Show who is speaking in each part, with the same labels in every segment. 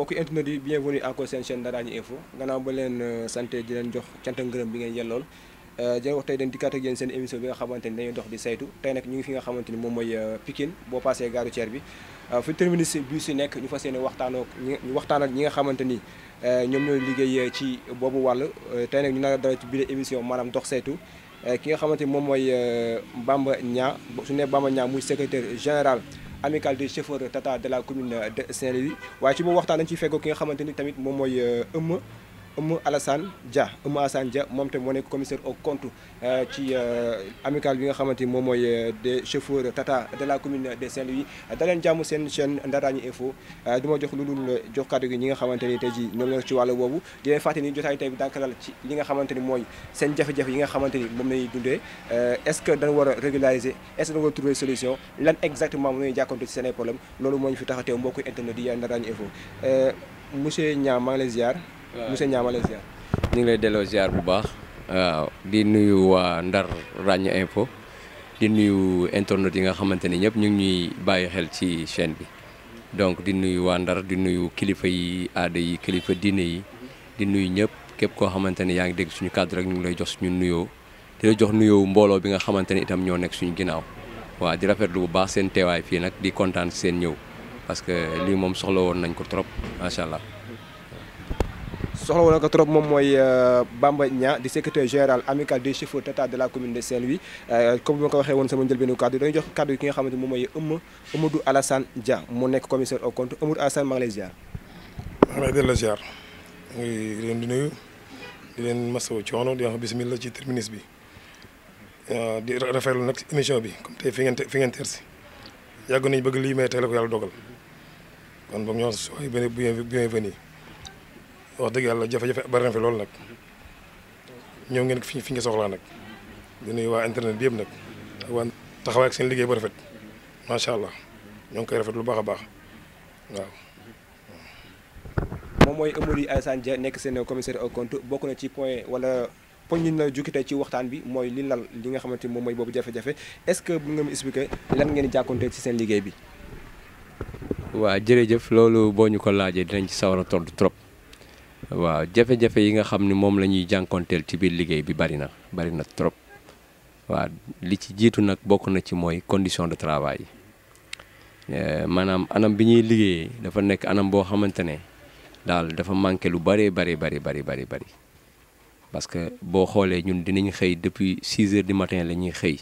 Speaker 1: mbokk internet yi bienvenue encore seen chaîne Ndarañi Info gannaaw ba leen euh, sant di leen jox canta ngërëm bi ngeen yellool dina euh, wax tey dañ dikkaat seen émission bi nga xamante ni dañuy dox di saytu tey nag ñu ngi fi nga xamante ni moom mooy euh, Pikine boo passé gare routière bi fi terminus bus si nekk ñu fas yéene waxtaanoo ñu waxtaan ak ñi nga xamante ni ñoom ñooy liggéey ci boobu wàll tey nag ñu naa dara ci biir émission maanaam dox saytu ki nga xamante ni moom mooy Bamba Niang su ne Bamba Niang muy secrétaire général Amical de chauffeurs Tata de la commune de Saint-Louis Je suis venu à la qui de ki nga Oumou Alassane Dia Oumou Alassane Dia moom tamit moo nekk commissaire au compte euh, ci euh, amicale bi nga xamante ni moom mooy euh, des chauffeurs Tata de la commune de Saint-Louis daleen seen chaîne Ndarañu info du lu dul jox kàddu ñi nga xamante ni tey ji ñoom ñoo ci wàll boobu di leen fàttali ni jotaay tey bi nga xamante ni mooy seen jafe-jafe yi nga xamante ni moom lañuy dundee est-ce que dañu war a régulariser est-ce que dañu war a trouver solution lan exactement moom lañuy ci seen problème loolu moo ñu fi tax a teew mbokku internet yi Ndarañu info monsieur Niang maa ngi lay monsieur Ndiamale ziar
Speaker 2: ñu ngi lay delloo ziar bu baax di nuyu waa ndar ràññ info di nuyu internet yi nga xamante ne ñëpp ñu ngi ñuy bàyyi xel ci chaîne bi donc di nuyu waa ndar di nuyu kilifa yi aada yi kilifa diine yi di nuyu ñëpp képp koo xamante ne yaa ngi dégg suñu cadre rek ñu ngi lay jox suñu nuyoo di la jox nuyoo mbooloo bi nga xamante ne itam ñoo nekk suñu ginnaaw waaw di rafetlu bu baax seen teewaay fii nag di kontaan seen ñëw parce que lii moom soxla woon nañ ko trop macha
Speaker 1: soxla woon na trop mom moy euh, Bamba nya di secrétaire général amical des chauffeurs Tata de la commune de Saint-Louis euh, comme bi ma ko waxee woon sama njëlbeenu kàddu dañuy jox cadre ki nga xamante mom moy Eumeu Amadou Alassane Dia mo nek commissaire au compte Amadou Alassane maa ngi lay ziar. maa lay ziar di len di nuyu di len masso coono di wax
Speaker 3: bismillah ci terminus bi euh, di rafetlu nak émission bi comme tay fi ngeen fi ngeen teer si yàgg bëgg li may tey la ko yàlla dogal kon bam ñoo sooy bienvenu wax deug yalla jafé jafé bari na fi lol nak ñew ngeen fi fi nga soxla nak di nuyu wa internet bi yeb nak wa taxaw ak seen liggéey bu rafet
Speaker 1: ma sha allah ñong koy rafet lu baax a baax waaw. moom mooy Amary Alassane Dia nek seen commissaire au compte bokku na ci point wala poñ ñu la jukkite ci waxtaan bi moy li lal li nga xamanteni mom moy bobu jafé jafé est-ce que bu nga më expliquer lan ngeen jakonté ci seen liggéey bi.
Speaker 2: wa jërëjëf loolu boo ñu ko laajee dinañ ci sawara a trop. waaw jafe-jafe yi nga xam ni moom la ñuy jànkonteel ci biir liggéey bi bari na bari na trop waaw li ci jiitu nag bokk na ci mooy condition de travail eh, maanaam anam bi ñuy liggéeyee dafa nekk anam boo xamante ne daal dafa manqué lu bëree bari bari bari bari bari parce que boo xoolee ñun dinañ xëy depuis 6 heures du matin la ñuy xëy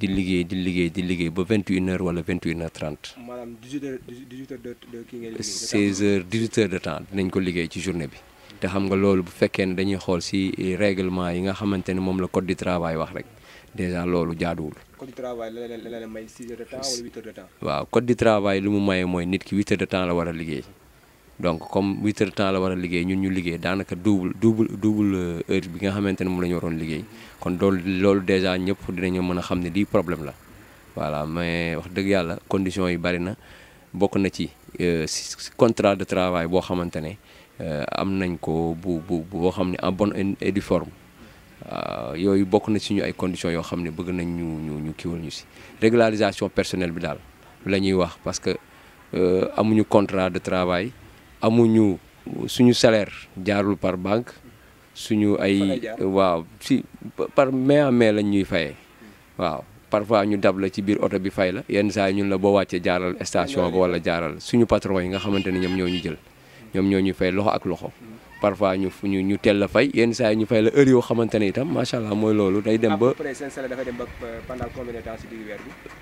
Speaker 2: di liggéey di liggéey di liggéey ba 21 heures wala 21 heures 30.
Speaker 1: maanaam 18 heures 18
Speaker 2: heures de temps dinañ ko liggéey ci journée bi. te xam nga loolu bu fekkee ne dañuy xool si règlement yi nga xamante ne moom la code du travail wax rek déjà loolu jaaduwul.
Speaker 1: code du travail la
Speaker 2: waaw code du travail li mu maye mooy nit ki 8 de temps la war a liggéey donc comme 8 de temps la war a liggéey ñun ñu liggéey daanaka double double double euh, heure bi nga xamante ne moom la ñu waroon liggéey kon loolu loolu déjà ñëpp dinañu mën a xam ne lii problème la voilà mais wax dëgg yàlla conditions yi bari na bokk na ci euh, contrat de travail boo xamante ne. am nañ ko bu bu boo xam ne en bon et euh, yooyu bokk na suñu ay conditions yoo xam ne bëgg nañ ñu ñu ñu kiwal ñu si régularisation personnelle bi daal la ñuy wax parce que euh, amuñu contrat de travail amuñu suñu salaire jaarul par banque suñu ay waaw si par main lañ ñuy fayee waaw parfois ñu dab la ci biir oto bi fay la yenn saa yi ñun la boo wàccee jaaral station ba wala jaaral suñu patron yi nga xamante ne ñoom ñoo ñu jël ñom ñoo ñu fay loxo ak loxo parfois ñu ñu ñu teel la fay yeen saa ñu fay la heure yo xamantene itam ma sha allah moy lolu day dem ba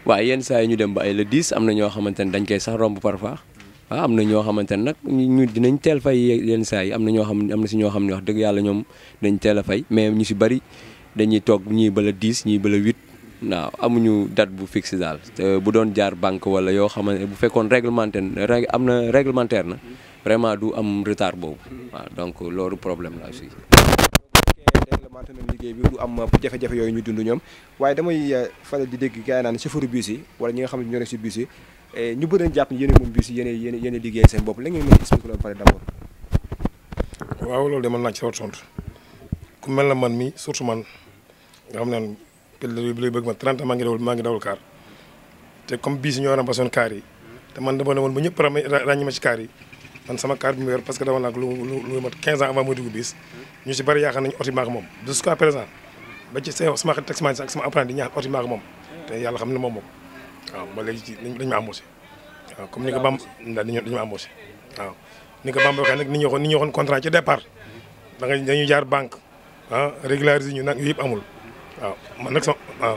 Speaker 2: wa yeen saa ñu dem ba ay le 10 amna ño xamantene dañ koy sax romb parfois wa ah, amna ño xamantene nak ñu dinañ teel fay yeen saa yi am na xam amna ci ño xam ni wax deug yalla ñom dañ teel a fay mais ñu ci bari dañuy tok ñi ba le 10 ñi ba le 8 na amuñu date bu fixe daal bu doon jaar bank wala yo xamantene bu fekkoon réglementé am na réglementaire na vraiment du am retard boobu waaw donc loolu problème la aussi.
Speaker 1: réglementé na liggéey bi du am jafe-jafe yooyu ñu dundu ñoom waaye damay euh, faral di dégg gars yi naan chauffeur bus yi wala ñi nga xam ne ñoo nekk si bus yi eh, ñu bëri nañ jàpp ne yéen a moom bus yi liggéey seen bopp la ngeen mën waaw loolu de mën naa ci sawar sont ku mel na man mi surtout
Speaker 3: man nga xam ne pile bi lay ma 30 maa maa ngi dawal kaar te comme bus yi ñoo remplacé woon kaar yi te man dama ne woon ba ñëpp ràññi ma ci kaar man sama carte bi mu parce que dama nak lu lu mat 15 ans avant muy dugg bis ñu ci bari yaakaar nañ oto maak moom jusqu'à présent ba ci sama sama taximan ak sama apprendre di ñaan oto maak moom te yàlla xam ne moom moom waaw ba léegi ci dañ ma embauché waaw comme ni ko bam dañ dañu ma embauché waaw ni ko bam waxee nag ni ñu xon ni ñu xon contrat ci départ da nga dañuy jaar banque ah régulariser ñu
Speaker 1: nak yépp amul waaw man nak sama waaw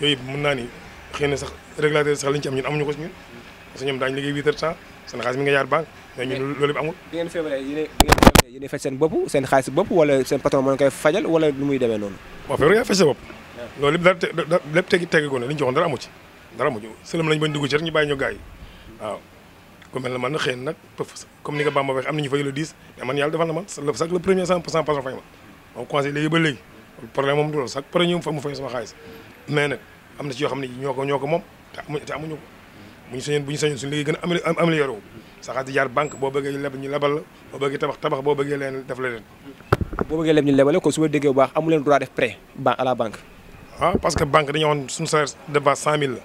Speaker 3: yooyu mën naa ni xëy na sax régulateur sax li ñu ci am ñun amuñu ko si ñun parce que ñoom daañu liggéey huit heures temps seen xaalis mi nga yaar banque mais ñun loolu bi amul
Speaker 1: bopp seen xaalis bopp wala seen patron moo koy fajal wala lu muy demee noonu loolu
Speaker 3: lépp dara ma moom commencé léegi ba léegi problème moom du loolu sax pare sama xaalis mais nag am na ci yoo xam ne ñoo ko ñoo ko moom te amuñ te amuñu ko bu ñu sañoon bu ñu sañoon suñu liggéey gën a amélioré wu sa xaalis di jaar banque boo bëggee leb ñu lebal la boo bëggee tabax tabax boo bëggee leen def la leen
Speaker 1: boo bëggee leb ñu lebal la kon su ma déggee bu baax amu leen droit def prêt
Speaker 3: à la banque waaw ah, parce que banque dañoo waxoon suñu salaire de base cent mille la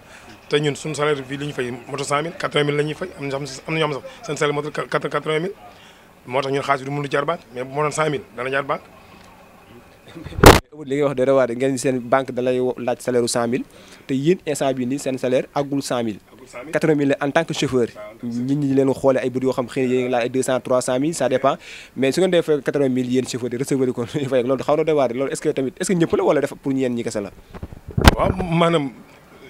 Speaker 3: te ñun suñu salaire fii li moo tax ñun xaalis bi du mënu jaar banque mais moo doon cent mille dana jaar banque
Speaker 1: li ngay wax de rewaade ngeen banque da lay salaire 100 000 te yéen instant bii nii seen salaire agul 100 000. 80 000 en tant que chauffeur nit ñi di leen xoolee ay bët yoo xam 200 300 000 ça dépend mais su ngeen defee 80 000 de chauffeur di recevoir ko ñu fay loolu xaw na rewaade loolu est ce que tamit est ce que ñëpp la wala def pour ñeen ñi kese la. waaw maanaam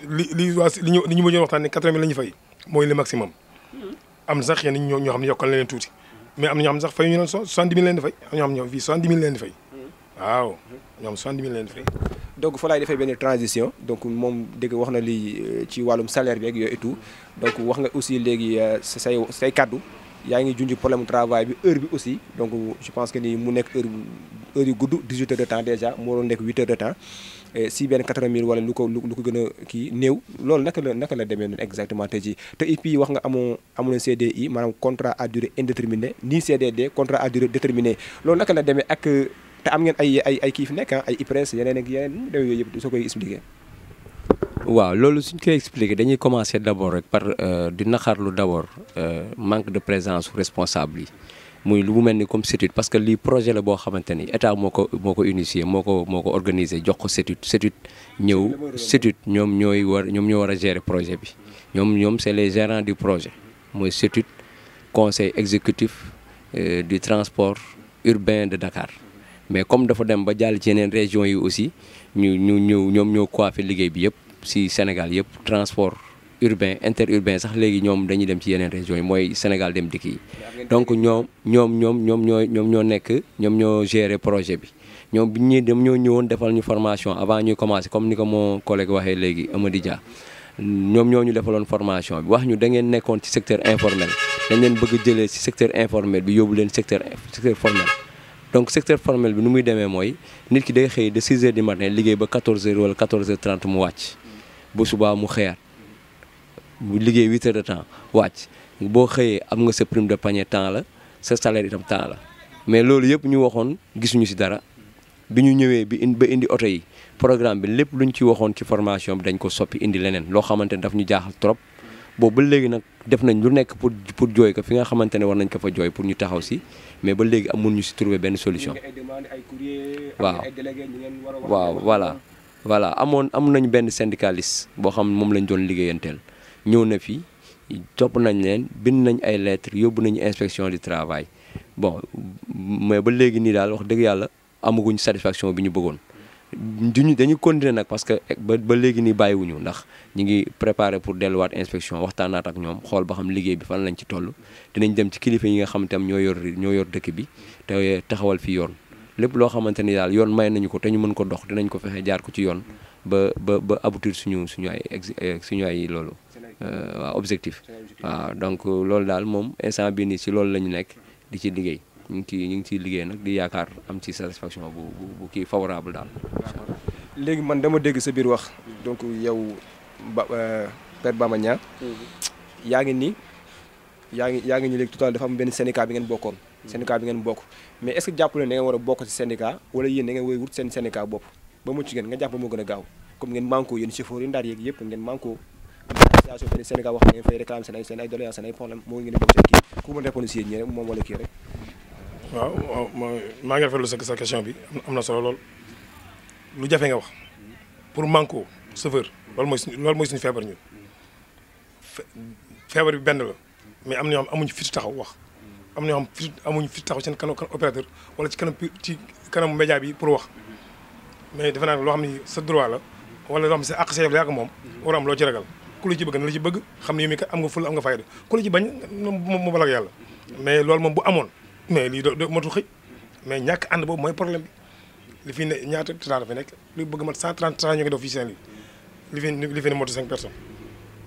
Speaker 1: li li waa li ñu li ñu mujjoon waxtaan ne
Speaker 3: 80 000 la ñu fay le maximum. Hmm. am sax yenn ñoo ñoo xam mais am na ñoo xam sax 000 de di fay am ñoo xam ñoo 000 leen di
Speaker 1: waaw ñoom soixante mille leen fay. donc fa faut faire une transition donc moom dégg wax na lii euh, ci wàllum salaire bi ak yooyu et tout donc wax nga aussi léegi euh, say say kaddu yaa ngi problème travail bi heure bi aussi donc je pense que ni mu nek heure heure 18 heures de temps déjà mo doon 8 heures de temps si bien 80 000 wala lu ko lu ko gëna ki kii néew nak la naka la exactement tay ji te et puis wax nga amoo amoon CDI manam contrat à durée indéterminée ni CDD contrat à durée déterminée loolu nak la demee ak te am ngeen ay ay ay kii fi nekk ah, ay IPRES yeneen ak yeneen réew yooyu yëpp soo koy expliquer.
Speaker 2: waaw loolu suñ koy expliquer dañuy commencer d'abord rek par euh, di naxarlu d'abord euh, manque de présence responsable yi muy lu mu mel ni comme CETUD parce que lii projet la boo xamante ni état moo ko moo ko initié moo ko moo ko organisé jox ko CETUD CETUD ñëw CETUD ñoom ñooy war ñoom ñoo war a gérer projet bi ñoom ñoom c'est les gérants du projet mooy CETUD conseil exécutif euh, du transport urbain de Dakar mais comme dafa dem ba jàll ci yeneen région yi aussi ñu ñu ñëw ñoom ñoo coiffé liggéey bi yëpp si Sénégal yëpp transport urbain interurbain sax léegi ñoom dañuy dem ci yeneen région yi mooy Sénégal dem dikk yi donc ñoom ñoom ñoom ñoom ñoo ñoom ñoo nekk ñoom ñoo gérer projet bi ñoom bi ñuy dem ñoo ñëwoon defal ñu formation avant ñuy commencé comme ni ko moo collègue waxee léegi Amady Dia ñoom ñoo ñu defaloon formation bi wax ñu da ngeen nekkoon ci secteur informel dañ leen bëgg jëlee si secteur informel bi yóbbu leen secteur secteur donc secteur formel bi nu muy demee mooy nit ki day xëy de 6 heures du matin liggéey ba 14 heures wala 14 heures 30 mu wàcc ba subaa mu xëyaat mu liggéey 8 heures de temps wàcc boo xëyee am nga sa prime de pañe temps la sa salaire itam temps la mais loolu yëpp ñu waxoon gisuñu si dara bi ñu ñëwee bi in ba indi oto yi programme bi lépp lu ñu ci waxoon ci formation bi dañ ko soppi indi leneen loo xamante ne daf ñu jaaxal trop boobu ba léegi nag def nañ lu nekk pour pour jooy ko fi nga xamante ne war nañ ko fa jooy pour ñu taxaw si mais ba léegi amul ñu si trouver benn solution. waaw waaw voilà. voilà amoon am nañu benn syndicaliste boo xam moom lañ doon liggéeyanteel ñëw na fi topp nañ leen bind nañ ay lettres yóbbu nañu inspection du travail bon mais ba léegi nii daal wax dëgg yàlla amaguñ satisfaction bi ñu bëggoon. duñu dañu continuer nag parce que ba ba léegi nii bàyyiwuñu ndax ñu ngi préparé pour delluwaat inspection waxtaanaat ak ñoom xool ba xam liggéey bi fan lañ ci toll dinañ dem ci kilifa yi nga xam tam ñoo yor ñoo yor dëkk bi te taxawal fi yoon lépp loo xamante ni daal yoon may nañu ko te ñu mën ko dox dinañ ko fexe jaar ko ci yoon ba ba ba aboutir suñu suñu ay ex suñu ay loolu euh, waaw objectif waa donc loolu daal moom instant bii nii si loolu la ñu nekk di ci liggéey ñu ngi ciy ñu ngi ciy liggéey nag di yaakaar am ci satisfaction bu bu kii favorable daal.
Speaker 1: léegi man dama dégg sa biir wax. donc yow ba euh, Père Bamba Niang mhm. yaa ngi ni yaa ngi yaa ngi ni léegi total dafa am benn syndicat bi ngeen bokkoon. Mhm. syndicat bi ngeen bokk mais est-ce que jàpp leen da ngeen war a bokk ci syndicat wala yéen da ngeen war a wut seen syndicat bopp ba mucc ngeen nga jàpp moo gën a gaaw comme ngeen manko yéen chauffeur yi ndaar yeeg yëpp ngeen manko association benn syndicat wax ne ngeen fay réclamer seen ay seen ay doléances seen ay problème moo ngeen bokk seen kii ku mën répondre si yéen ñi rek moom wala kii rek waaw waaw maa ngi rafetlu sa sa question bi am na solo lool lu
Speaker 3: jafe nga wax pour manko chauffeur loolu mooy suñu loolu mooy suñu feebar ñun feebar bi benn la mais am na ñoo xam amuñu fit taxaw wax am na ñoo amuñu fit taxaw seen kanam opérateur wala ci kanam ci kanamu média bi pour wax mais defe naa loo xam ni sa droit la wala loo xam si àq sa yëf la ak moom war am loo ci ragal ku la ci bëgg na la ci bëgg xam ne yow mii kat am nga ful am nga fayda ku la ci bañ mu balak yàlla mais loolu moom bu amoon mais lii do tu xëy mais ñàkk ànd boobu mooy problème bi li fi ne ñaata tataar fi nekk lu bëgg ma 130 ñu ngi def fii Saint-Louis li fi li fi ne motul 5 personnes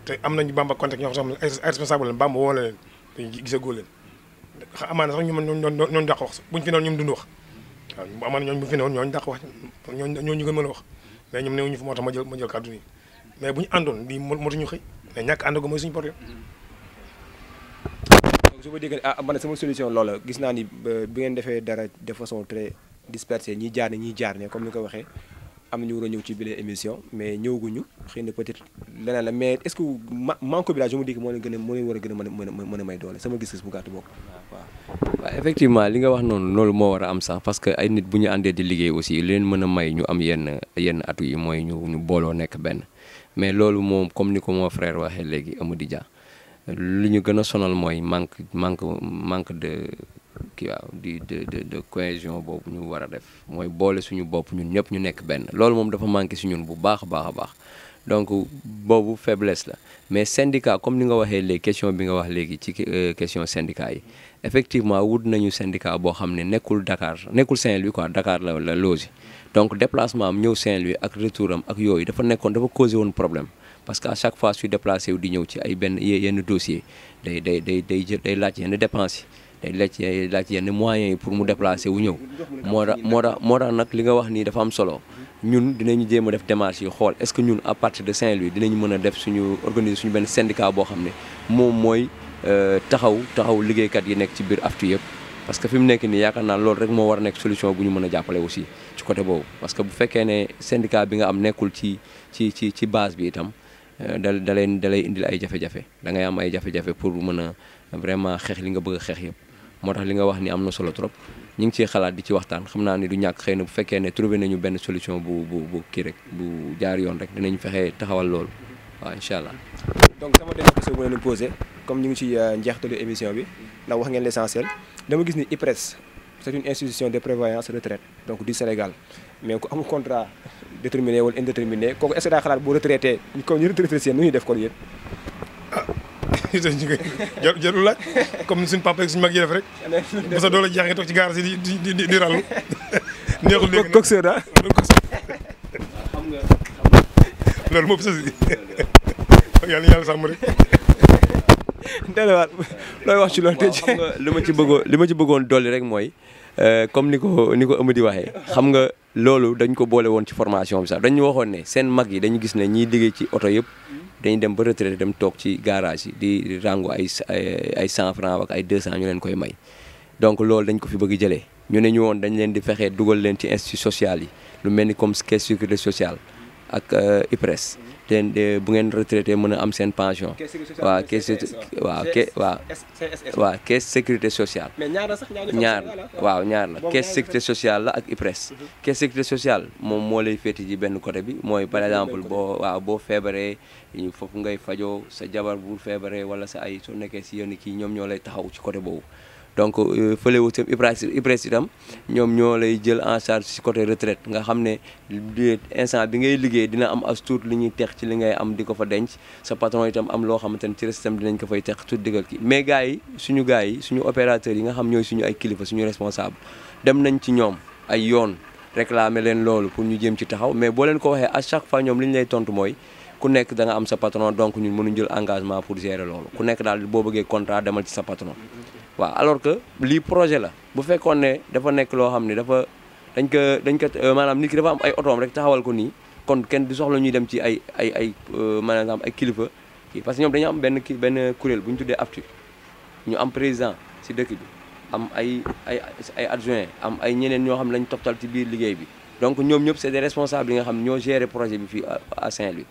Speaker 3: te am nañu Bamba contact ñoo xam ne ay responsable leen Bamba woo la leen dañu gis a ñu wax buñu fi noonu ñoom dund wax waaw bu amaana ñooñu bu fi wax ñooñu ñooñu gën mën a wax mais ñoom newuñu fi moo tax ma jël ma jël kàddu nii mais bu ñu àndoon lii motuñu xëy mais ñàkk ànd go mooy suñu problème
Speaker 1: je veux dire ah man sama solution loola gis naa ni bi ngeen defee dara de façon très dispersée ñi jaar ne ñi jaar ne comme ni ko waxee am ñu war a ñëw ci bile émission mais ñëwaguñu xëy na peut-être leneen la mais est-ce que ma manque bi daal je me moo leen moo war a gën a mën a mën a may doole sama gis-gis bu gàtt
Speaker 2: boobu li nga wax noonu loolu moo war a am sax parce que ay nit bu ñu àndee di liggéey aussi li leen mën a may ñu am yenn yenn atu yi mooy ñu ñu booloo nekk benn mais loolu moom comme ni ko moo frère waxee léegi Amady Dia. lu ñu gën a sonal mooy manque manque manque de kii waaw di de de de cohésion boobu ñu war a def mooy boole suñu bopp ñun ñëpp ñu nekk benn loolu moom dafa manqué si ñun bu baax a baax a baax donc boobu faiblesse la mais syndicat comme ni nga waxee léegi question bi nga wax léegi ci euh, question syndicat yi effectivement wut nañu syndicat boo xam ne nekkul dakaar nekkul Saint-Louis quoi dakaar la la loosi donc déplacement am ñëw Saint-Louis ak retour ak yooyu dafa nekkoon dafa causé woon problème parce que à chaque fois suy déplacé wu di ñëw ci ay benn yenn dossier day day day day jël day laaj yenn dépense yi day laaj yenn moyen yi pour mu déplacé wu ñëw moo tax moo tax moo tax nag li nga wax nii dafa am solo ñun dinañu jéem a def démarche yi xool ce que ñun à partir de Saint-Louis dinañu mën a def suñu organiser suñu benn syndicat boo xam ne moom mooy euh, taxaw taxaw liggéeykat yi nekk ci biir aftu yëpp parce que fi mu nekk nii yaakaar naa loolu rek moo war a nekk solution bu ñu mën a jàppale aussi ci côté boobu parce que bu fekkee ne syndicat bi nga am nekkul ci ci ci ci base bi itam da da leen da ay jafe-jafe da ngay am ay jafe-jafe pour mën a vraiment xeex li nga bëgg xeex yëpp moo tax li nga wax ni am na solo trop ñu ngi ciy xalaat di ci waxtaan xam naa ni du ñàkk xëy na bu fekkee ne trouvé nañu benn solution bu bu bu kii rek bu jaar yoon rek dinañ fexe taxawal loolu waaw incha allah. donc sama dernière
Speaker 1: question ñu ngi ci euh, njeextalu émission bi ndax wax ngeen l'essentiel dama gis ni IPRES c'est une institution de prévoyance retraite donc du Sénégal mais un contrat déterminé ou indéterminé est-ce que retraité comme comme
Speaker 3: papa mag rek.
Speaker 1: bu sa ci
Speaker 2: Ndélewaat looy wax ci loolu. ma ci bëggoon li ma ci bëggoon dolli rek mooy euh, comme ni ko ni ko Amady waxee xam nga loolu dañ ko boole woon ci formation bi sax dañu waxoon ne seen mag yi dañu gis ne ñiy liggéey ci oto yëpp. dañu dem ba retraité dem toog ci garage yi di ràngu ay ay cent franc ak ay deux cent ñu leen koy may donc loolu dañ ko fi bëgg jëlee ñu ne ñu woon dañ leen di fexee dugal leen ci institut sociale yi lu mel ni comme caisse sécurité sociale ak euh, IPRES leen bu ngeen retraité mën a am seen pension. waaw caisse waaw waaw waaw caisse sécurité sociale. ñaar waaw ñaar la caisse sécurité sociale la ak IPRES. ke mhm. sécurité sociale moom moo lay féeti ci benn côté bi mooy par exemple boo waaw boo feebaree foofu ngay fajoo sa jabar bu feebaree wala sa ay soo nekkee si yoon kii ñoom ñoo lay taxaw ci côté boobu. donc euh, fële wu tam itam ñoom ñoo lay jël en charge si côté retraite nga xam ne du instant bi ngay liggéey dina am as tuut li ñuy tex ci li ngay am di ko fa denc sa patron itam am loo xamante ne ci restam dinañ ko fay tex tuut digal ki mais gars yi suñu gars yi suñu opérateurs yi nga xam ñooy suñu ay kilifa suñu responsable dem nañ ci ñoom ay yoon réclamer leen loolu pour ñu jëm ci taxaw mais boo leen ko waxee à chaque fois ñoom li ñu lay tontu mooy ku nekk da nga am sa patron donc ñun mënuñ jël engagement pour gérer loolu ku nekk daal boo bëggee contrat demal ci sa patron waa alors que lii projet la bu fekkoon ne dafa nekk loo xam ne dafa dañ ko dañ ko euh, maanaam nit dafa am ay otoom rek taxawal ko nii kon kenn du soxla ñuy dem ci ay ay ay euh, maanaam ay kilifa parce que ñoom dañu am benn ki benn kuréel bu ñu tuddee APTU ñu am président si dëkk bi am ay ay ay adjoint am ay ñeneen ñoo xam ne lañ toptal ci biir liggéey bi donc ñoom ñëpp c'est des responsables yi nga xam ñoo gérer projet bi fii a Saint-Louis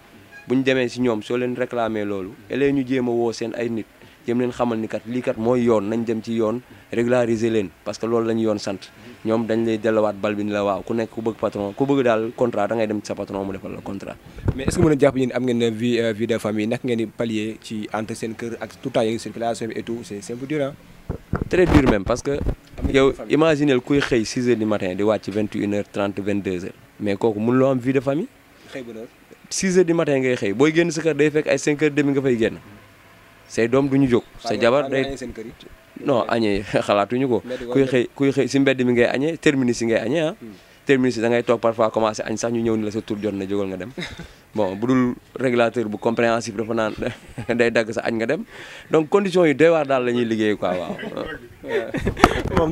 Speaker 2: bu démé ci ñom so leen réclamé lolu élé ñu jéem wo seen ay nit jëm leen xamal ni kat li kat moy yoon nañ dem ci yoon régulariser leen parce que lolu lañ yoon sant ñom dañ lay delluwaat bal bi ni la waaw ku nekk ku bëgg patron ku bëgg dal contrat da ngay dem ci sa patron mu defal la contrat. mais est ce que mën japp jàpp am ngeen vie euh, vie de famille nak ngeen di pallier ci
Speaker 1: entre seen cœur ak tout temps yéen circulation et tout c'est c'est c' dur hein
Speaker 2: très dur même parce que. yow imaginer kuy xey 6 h du matin di wacc 21 h 30 22 h mais kooku lo am vie de famille. xëy ba 6 heures du matin ngay xëy booy génn sa kër day fekk ay du ñu jóg sa jabar day xalaatuñu ko kuy xëy kuy si mbedd mi ngay añee terminus yi ngay añee ah hmm. terminus da ngay toog parfois commencé añ sax ñu ñëw ni la sa tur jot na jógal nga dem bon bu dul régulateur bu compréhensif dafa naan day dagg sa añ nga dem donc condition yi doy waar daal la ñuy liggéey quoi waaw moom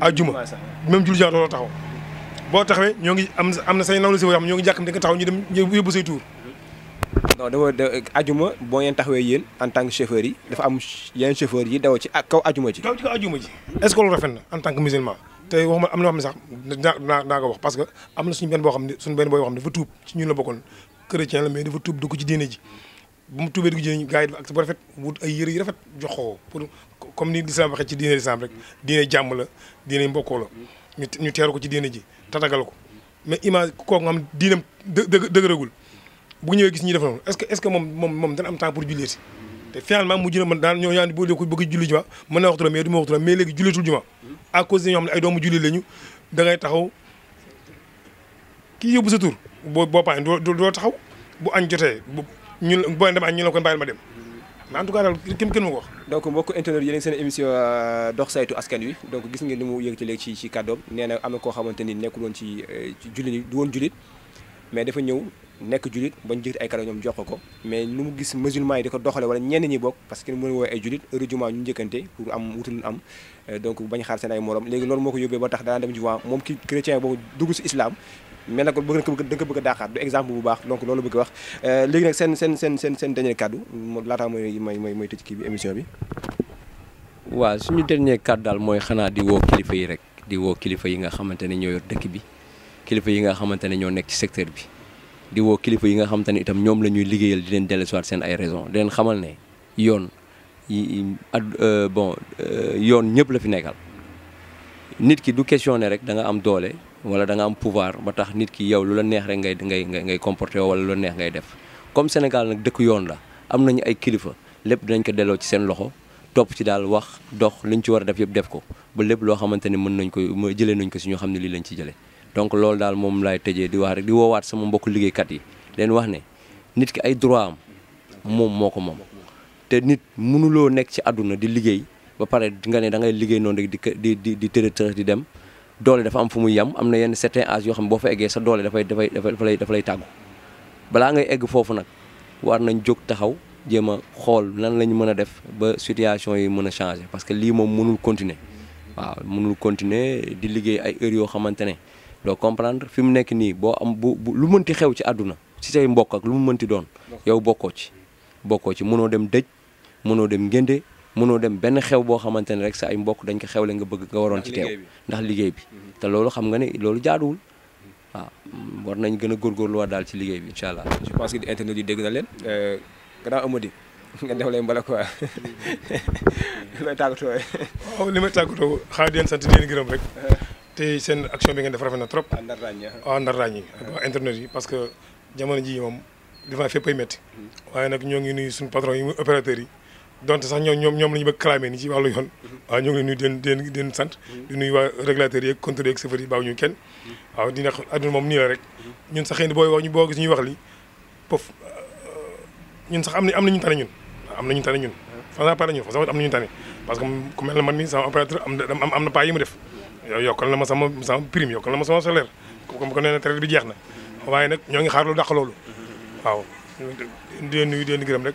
Speaker 3: ajjuma même julli juma dooloo taxaw boo taxawee ñoo ngi am am na say nawlu si yoo xam ñoo ngi jàkkam di nga mm-hmm.
Speaker 1: boo ngeen taxawee yéen en tant que chauffeur yi dafa am yi daw ci kaw ajuma ji daw na
Speaker 3: en tant que musulman te waxuma am na am na suñu benn boo xam ne suñu benn boo xam ne dafa tuub ci ñun la bokkoon chrétien la mais dafa tuub dugg ci diine ji bu mu tuubee dugg ci diine ji gars yi dafa ak bu rafet wut ay yëre yu rafet jox ko comme ni lislaam waxee ci diine lislaam rek diine jàmm la diine mbokkoo ñu ñu teeru ko ci diine ji tatagal ko mais image kooku nga xam diinam dë dëgëragul bu ñëwee gis ñuy def noonu est ce que est ce que moom moom moom dana am temps pour julleeti te finalement mu jël man daan ñoo ñaan boo ko bëgg waxtu la mais du ma waxtu la mais léegi jullitul juma à de ñoo xam ne ay doomu julli lañu da ngay taxaw kii yóbbu sa tur boo boo paan doo doo taxaw bu añ jotee bu ñun boo dem añ ñu la ko bàyyi ma dem
Speaker 1: mais en tout cas daal kenn ko wax donc mbokk internet yéen a ngi seen émission euh, dox saytu askan wi donc gis ngeen li mu yëg ci léegi ci ci kàddoom nee na am na koo xamante ni nekkul woon ci euh, jullit du woon jullit mais dafa ñëw nekk jullit bañ jël ay kàddu ñoom jox ko mu gis musulman yi ko doxale wala bokk parce que kenn mën woowee ay jullit heure jumaa ñu njëkkante pour am wutul am euh, donc bañ xaar seen ay morom léegi loolu moo ko yóbbee ba tax danaa dem jumaa moom ki chrétien boobu dugg si islam mel nag bëgg na ko bëgg da nga ko bëgg a daaxaat du exemple bu baax donc loolu bëgg wax euh, léegi nag seen seen seen seen seen dernier kàddu laataa mooy mooy mooy mooy tëj ki bi émission bi
Speaker 2: waaw suñu dernier kàddu daal mooy xanaa di woo kilifa yi rek di woo kilifa yi nga xamante ne ñoo yor dëkk bi kilifa yi nga xamante ne ñoo nekk ci secteur bi di woo kilifa yi nga xamante ne itam ñoom la ñuy liggéeyal di leen dellu seen ay raison di leen xamal ne yoon ad euh, bon euh, yoon ñëpp la fi nekkal nit ki du questionné rek da nga am doole wala danga am pouvoir ba tax nit ki yow lu la neex rek ngay ngay ngay comporté wala lu la neex ngay def comme Sénégal nag dëkk yoon la am nañu ay kilifa lépp dinañ ko delloo ci seen loxo topp ci daal wax dox liñ ci war a def yëpp def ko ba lépp loo xamante ni mën nañ ko jëlee nañ ko si ñoo xam ne lii lañ ci jëlee donc loolu daal moom lay tëjee di wax rek di woowaat sama mbokku liggéeykat yi leen wax ne nit ki ay droit am moom moo ko moom te nit mënuloo nekk ci àdduna di liggéey ba pare di nga ne da ngay liggéey noonu rek di di di di tërëtërë di dem doole dafa am fu muy yam am na yenn certain âge yoo xam ne boo fa eggee sa doole dafay dafay dafa lay dafa lay tàggu balaa ngay egg foofu nag war nañ jóg taxaw jéem a xool nan la ñu mën a def ba situation yi mën a changer parce que lii moom mënul continuer waaw mënul continuer di liggéey ay heures yoo xamante ne doo comprendre fi mu nekk nii boo am bu lu mënti xew ci àdduna si say mbokk ak lu mu mënti doon yow bokkoo ci bokkoo ci mënoo dem dëj mënoo dem ngénde mënoo dem benn xew boo xamante ne rek sa ay mbokk dañ ko xewle nga bëgg nga waroon ci teew ndax liggéey bi mhm. te loolu xam nga ne loolu jaaduwul waaw war nañ gën a góorgóorluwaat daal ci liggéey bi incha allah
Speaker 1: je pense que internet yi dégg na leen euh, grand amadi nga def lay mbala quoi lay tàggatoo
Speaker 3: waaw li may tàggatoo xaar di leen sant di leen gërëm rek te seen action bi ngeen def rafet na trop waaw ndar ràññi ak internet yi parce que jamono ji moom li fa fépp ay métti mhm. waaye nag ñoo ngi nuyu suñu patron yi muy opérateur yi donte sax ñoom ñoom ñoom la ñu bëgg clamé ni ci wàllu yoon waaw ñu ngi leen sant mm-hmm. di nuyu waa régulateurs yeeg contrôleurs yeeg chauffeurs yi baaw ñu kenn mm-hmm. moom nii rek mm-hmm. ñun sax xëy booy wax ñu boo gis ñuy wax li pof euh, ñun sax am na am na ñu tane ñun am na ñu tane ñun franchement parle ñun franchement am na ñu tane parce que ku mel na man mi sama opérateur am am na pas yi mu def yokkal na ma sama sama prime yokkal na ma sama salaire comme ko nee na traite bi jeex na waaye nag ñoo ngi xaar lu dàq loolu waaw di leen nuyu di leen gërëm rek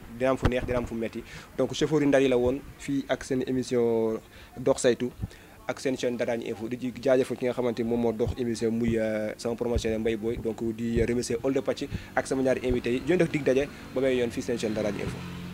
Speaker 1: dina am fu neex dina am fu metti donc chauffeur ndari la won fi ak sen émission dox saytu ak sen chaîne Dadaane Info di ci ki nga xamanteni moom moo dox émission muy euh, sama promotion mbay Boy donc di remercier de Patch ak sama ñaar invité yi ñu def dig dajé ba may yoon fi sen chaîne Dadaane Info